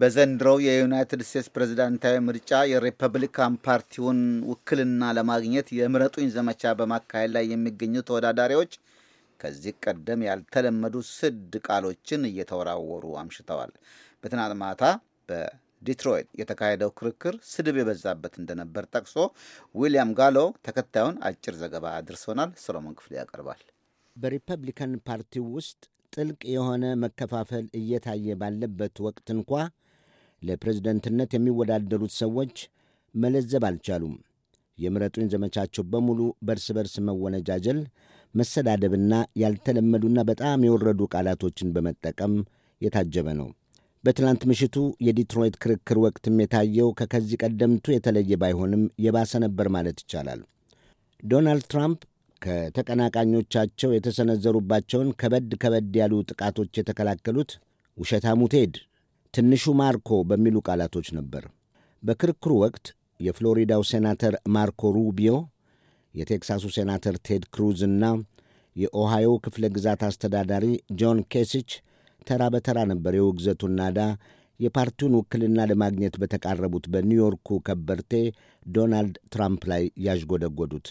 በዘንድሮው የዩናይትድ ስቴትስ ፕሬዝዳንታዊ ምርጫ የሪፐብሊካን ፓርቲውን ውክልና ለማግኘት የምረጡኝ ዘመቻ በማካሄድ ላይ የሚገኙ ተወዳዳሪዎች ከዚህ ቀደም ያልተለመዱ ስድ ቃሎችን እየተወራወሩ አምሽተዋል። በትናንት ማታ በዲትሮይት የተካሄደው ክርክር ስድብ የበዛበት እንደነበር ጠቅሶ ዊልያም ጋሎ ተከታዩን አጭር ዘገባ አድርሶናል። ሰሎሞን ክፍሌ ያቀርባል። በሪፐብሊካን ፓርቲው ውስጥ ጥልቅ የሆነ መከፋፈል እየታየ ባለበት ወቅት እንኳ ለፕሬዝደንትነት የሚወዳደሩት ሰዎች መለዘብ አልቻሉም። የምረጡኝ ዘመቻቸው በሙሉ በርስ በርስ መወነጃጀል፣ መሰዳደብና ያልተለመዱና በጣም የወረዱ ቃላቶችን በመጠቀም የታጀበ ነው። በትናንት ምሽቱ የዲትሮይት ክርክር ወቅትም የታየው ከከዚህ ቀደምቱ የተለየ ባይሆንም የባሰ ነበር ማለት ይቻላል። ዶናልድ ትራምፕ ከተቀናቃኞቻቸው የተሰነዘሩባቸውን ከበድ ከበድ ያሉ ጥቃቶች የተከላከሉት ውሸታሙ ቴድ፣ ትንሹ ማርኮ በሚሉ ቃላቶች ነበር። በክርክሩ ወቅት የፍሎሪዳው ሴናተር ማርኮ ሩቢዮ፣ የቴክሳሱ ሴናተር ቴድ ክሩዝ እና የኦሃዮ ክፍለ ግዛት አስተዳዳሪ ጆን ኬሲች ተራ በተራ ነበር የውግዘቱን ናዳ የፓርቲውን ውክልና ለማግኘት በተቃረቡት በኒውዮርኩ ከበርቴ ዶናልድ ትራምፕ ላይ ያዥጎደጎዱት።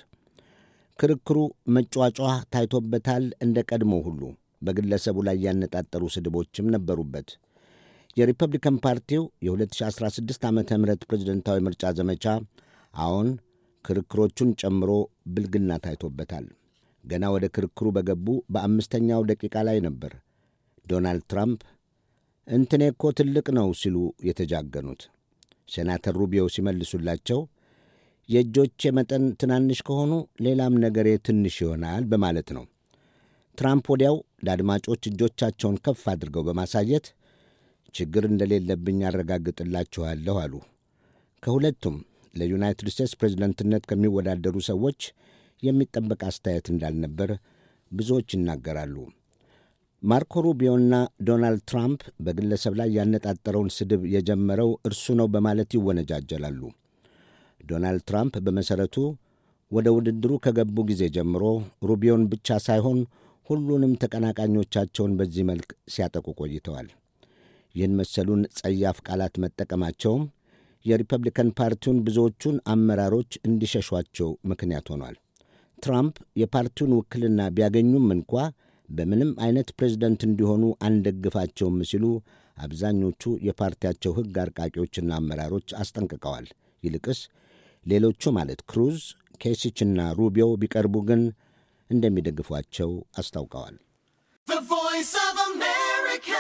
ክርክሩ መጯጫ ታይቶበታል። እንደ ቀድሞ ሁሉ በግለሰቡ ላይ ያነጣጠሩ ስድቦችም ነበሩበት። የሪፐብሊካን ፓርቲው የ2016 ዓ ም ፕሬዝደንታዊ ምርጫ ዘመቻ አሁን ክርክሮቹን ጨምሮ ብልግና ታይቶበታል። ገና ወደ ክርክሩ በገቡ በአምስተኛው ደቂቃ ላይ ነበር ዶናልድ ትራምፕ እንትኔ እኮ ትልቅ ነው ሲሉ የተጃገኑት። ሴናተር ሩቢዮ ሲመልሱላቸው የእጆቼ መጠን ትናንሽ ከሆኑ ሌላም ነገሬ ትንሽ ይሆናል በማለት ነው። ትራምፕ ወዲያው ለአድማጮች እጆቻቸውን ከፍ አድርገው በማሳየት ችግር እንደሌለብኝ ያረጋግጥላችኋለሁ አሉ። ከሁለቱም ለዩናይትድ ስቴትስ ፕሬዝደንትነት ከሚወዳደሩ ሰዎች የሚጠበቅ አስተያየት እንዳልነበር ብዙዎች ይናገራሉ። ማርኮ ሩቢዮና ዶናልድ ትራምፕ በግለሰብ ላይ ያነጣጠረውን ስድብ የጀመረው እርሱ ነው በማለት ይወነጃጀላሉ። ዶናልድ ትራምፕ በመሠረቱ ወደ ውድድሩ ከገቡ ጊዜ ጀምሮ ሩቢዮን ብቻ ሳይሆን ሁሉንም ተቀናቃኞቻቸውን በዚህ መልክ ሲያጠቁ ቆይተዋል። ይህን መሰሉን ጸያፍ ቃላት መጠቀማቸውም የሪፐብሊካን ፓርቲውን ብዙዎቹን አመራሮች እንዲሸሿቸው ምክንያት ሆኗል። ትራምፕ የፓርቲውን ውክልና ቢያገኙም እንኳ በምንም አይነት ፕሬዝደንት እንዲሆኑ አንደግፋቸውም ሲሉ አብዛኞቹ የፓርቲያቸው ሕግ አርቃቂዎችና አመራሮች አስጠንቅቀዋል። ይልቅስ ሌሎቹ ማለት ክሩዝ፣ ኬሲችና ሩቢዮ ቢቀርቡ ግን እንደሚደግፏቸው አስታውቀዋል። ቮይስ ኦፍ አሜሪካ